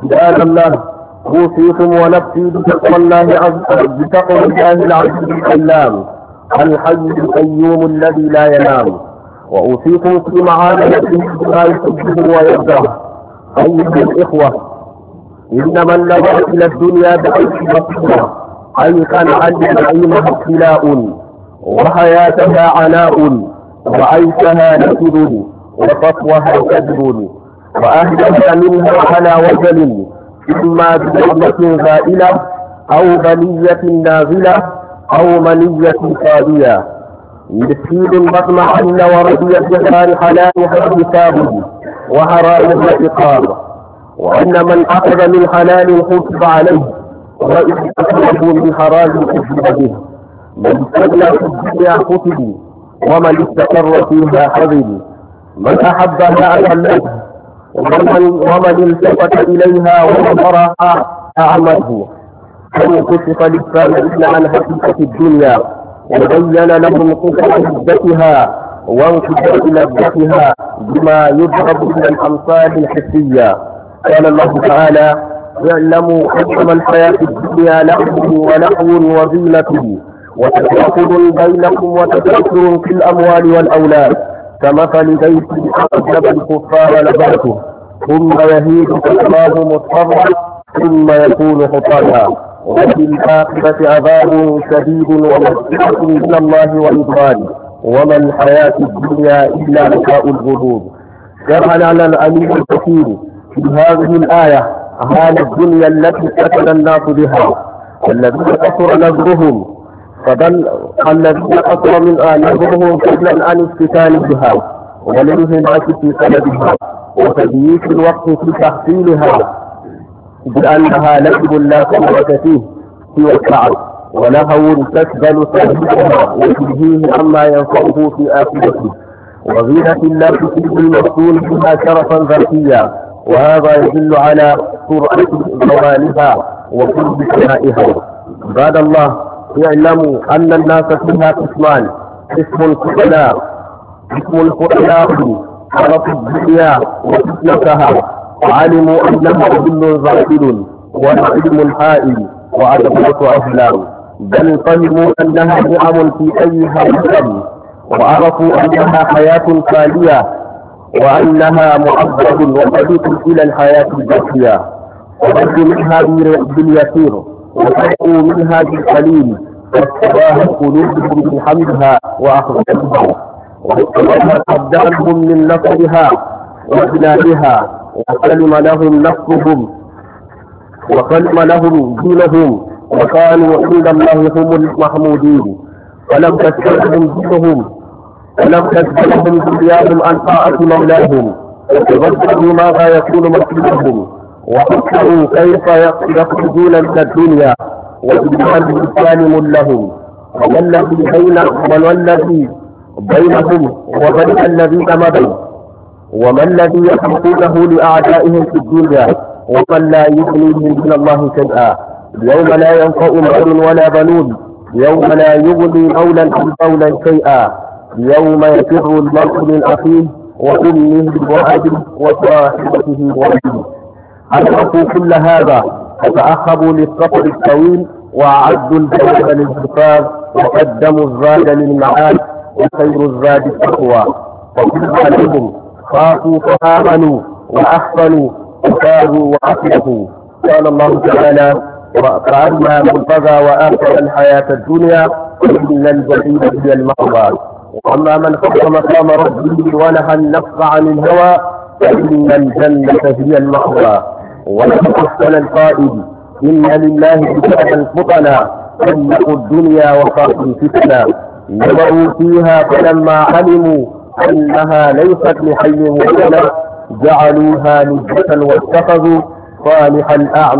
قال الله اوصيكم ونفسي بتقوى الله عز بتقوى الله العزيز الحلام الحي القيوم الذي لا ينام واوصيكم في معاملته بما يحبه ويرضاه ايها الاخوه ان من لجا الى الدنيا بعيش بصيرة اي كان عن نعيمها ابتلاء وحياتها عناء وعيشها نكد وصفوها كذب وأهدأت منها على وجل إما بنعمة زائلة أو بنية نازلة أو منية خالية مسكين حل ورضي بخار حلالها حسابه وحرامها إقامة وأن من أخذ من حلال حسب عليه وإن أخذه من حرام حسب به من استغنى في الدنيا حسب ومن استقر فيها حذر من أحبها أكلته ومن ومن التفت إليها ونظرها أعمده فمن كشف للسامعين عن حقيقة الدنيا وبين لهم قصة لذتها وانكشف لذتها بما يذهب من الأمصار الحسية قال الله تعالى اعلموا حكم الحياة الدنيا لهو ولهو وزينة وتفاخر بينكم وتكاثر في الأموال والأولاد كمثل بيت أعجب الكفار نباته ثم يهيج فتراه مضطرا ثم يكون حطاما وفي الآخرة عذاب شديد ومسكة من الله وإبراهيم وما الحياة الدنيا إلا لقاء الغرور كما لنا الأمير الكثير في هذه الآية أهالي الدنيا التي سكن الناس بها والذين كثر نذرهم فبل الذين قصر من آلههم فضلا عن افتتان بها والانهماك في طلبها وتضييق الوقت في تحصيلها بأنها لعب لا قوة فيه سوى التعب ولهو تسبل تهديدها وتلهيه عما ينفعه في آخرته وغيرة لا تفيد المقتول بها شرفا ذاتيا وهذا يدل على سرعة زوالها وقرب سمائها عباد الله اعلموا أن الناس فيها قسمان اسم الخبلاء اسم الخبلاء عرفوا الدنيا وفتنتها وعلموا أنها ظل غافل وعلم حائل وأدبرة أهلام بل فهموا أنها نعم في أيها مكان وعرفوا أنها حياة خالية وأنها معبد وطريق إلى الحياة الباقية وبدوا منها باليسير وتحقوا منها بالقليل واستواها قلوبكم بحمدها وأخذتها وقد قدرهم من نصرها وإلهها وسلم لهم نصرهم وسلم لهم دينهم وكانوا عند الله هم المحمودين ولم تسألهم دينهم ولم تسألهم دنياهم ان طاعة مولاهم وتبدلوا ماذا يكون مسلمهم وفكروا كيف يخرجون من الدنيا وإنهم سالم لهم وما الذي من وما الذي بينهم وبين الذين مضوا وما الذي يحققونه لأعدائهم في الدنيا ومن لا يغنيهم من الله شيئا يوم لا ينفع مال ولا بنون يوم لا يغني مولا عن مولا شيئا يوم يفر المرء من أخيه وأمه وأبيه وصاحبته وأبيه أدركوا كل هذا وتأخبوا للسفر الطويل وأعدوا الجواب للحفاظ وقدموا الزاد للمعاد وخير الزاد التقوى وكل عليهم خافوا فآمنوا وأحسنوا وتابوا وأصلحوا قال الله تعالى فأما من بغى وآخر الحياة الدنيا إلا الجحيم هي المأوى وأما من خاف مقام ربه ونهى النفس عن الهوى فإن الجنة هي المأوى ولقد أحسن القائد إن لله كتابا فطنا تملك الدنيا وقاهم فتنا نظروا فيها فلما علموا أنها ليست لحي ولا جعلوها نجة واتخذوا صالح الأعمى